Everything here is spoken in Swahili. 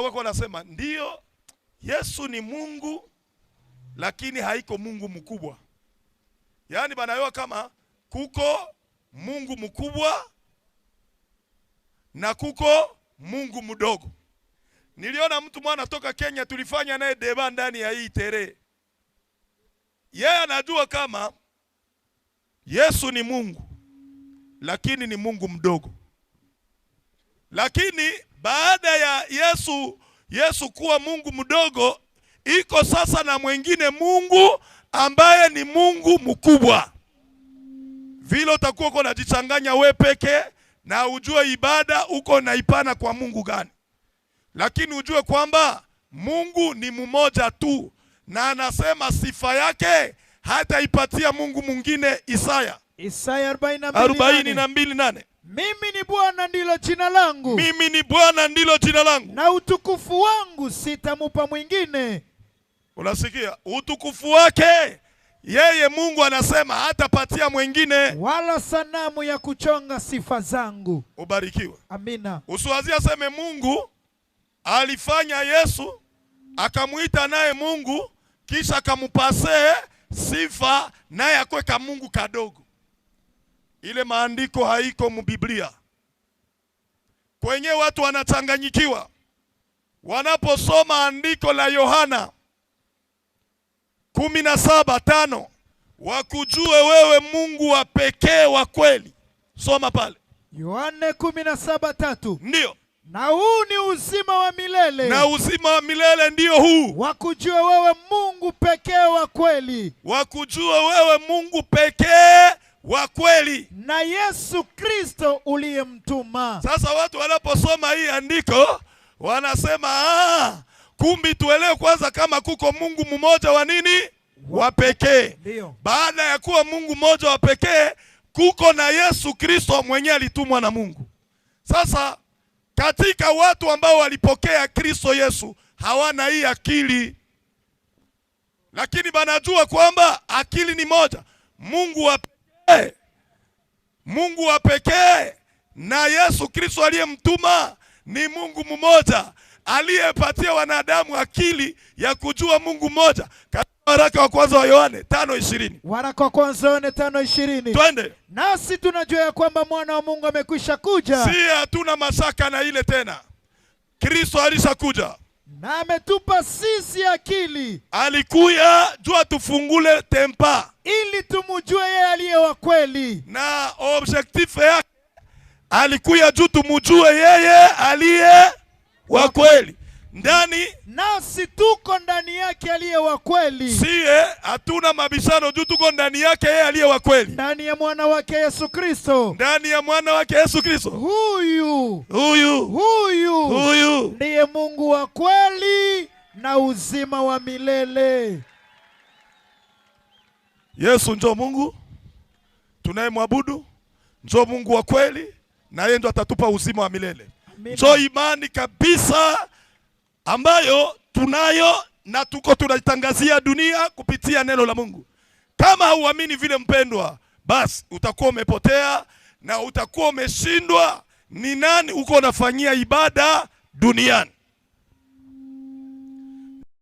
wako wanasema ndio Yesu ni Mungu, lakini haiko Mungu mkubwa. Yaani banayoa kama kuko Mungu mkubwa na kuko Mungu mdogo. Niliona mtu mwana toka Kenya, tulifanya naye deba ndani ya hii tere. Yeye anajua kama Yesu ni Mungu, lakini ni Mungu mdogo, lakini baada ya Yesu Yesu kuwa Mungu mdogo, iko sasa na mwingine Mungu ambaye ni Mungu mkubwa. Vile utakuwa uko unajichanganya we peke na ujue ibada uko naipana kwa Mungu gani, lakini ujue kwamba Mungu ni mmoja tu, na anasema sifa yake hataipatia Mungu mwingine. Isaya Isaya 42 nane mimi ni Bwana ndilo jina langu. Mimi ni Bwana ndilo jina langu. Na utukufu wangu sitamupa mwingine. Unasikia? Utukufu wake yeye Mungu anasema hatapatia mwingine, wala sanamu ya kuchonga sifa zangu. Ubarikiwe, amina. usuazia aseme Mungu alifanya Yesu akamwita naye Mungu, kisha akampasee sifa naye akweka Mungu kadogo. Ile maandiko haiko mubiblia, kwenye watu wanachanganyikiwa wanaposoma andiko la Yohana kumi na saba tano wakujue wewe Mungu wa pekee wa kweli. Soma pale Yohane kumi na saba tatu ndio na huu ni uzima wa milele, na uzima wa milele ndio huu, wakujue wewe Mungu pekee wa kweli, wakujue wewe Mungu pekee wa kweli na Yesu Kristo uliyemtuma. Sasa watu wanaposoma hii andiko wanasema ah, kumbi tuelewe kwanza kama kuko Mungu mmoja wa nini wa pekee. Baada ya kuwa Mungu mmoja wa pekee, kuko na Yesu Kristo mwenyewe alitumwa na Mungu. Sasa katika watu ambao walipokea Kristo Yesu hawana hii akili, lakini banajua kwamba akili ni moja Mungu wa Mungu wa pekee na Yesu Kristo aliyemtuma ni Mungu mmoja aliyepatia wanadamu akili ya kujua Mungu mmoja. Waraka wa kwanza wa Yohane 5:20. Waraka wa kwanza Yohane 5:20. Twende. Nasi tunajua ya kwamba mwana wa Mungu amekwisha kuja. Si hatuna mashaka na ile tena. Kristo alishakuja na ametupa sisi akili. Alikuya jua tufungule tempa ili tumujue yeye aliye wa kweli, na objectif yake alikuya juu tumujue yeye aliye wa kweli ndani nasi tuko ndani yake aliye wa kweli. Siye hatuna mabishano juu tuko ndani yake yeye aliye wa kweli, ndani ya mwana wake Yesu Kristo, ndani ya mwana wake Yesu Kristo. Huyu huyu huyu huyu ndiye Mungu wa kweli na uzima wa milele. Yesu njoo Mungu tunayemwabudu, njo Mungu wa kweli, na yeye ndo atatupa uzima wa milele. njo imani kabisa ambayo tunayo na tuko tunaitangazia dunia kupitia neno la Mungu. Kama hauamini vile, mpendwa, basi utakuwa umepotea na utakuwa umeshindwa. Ni nani uko unafanyia ibada duniani?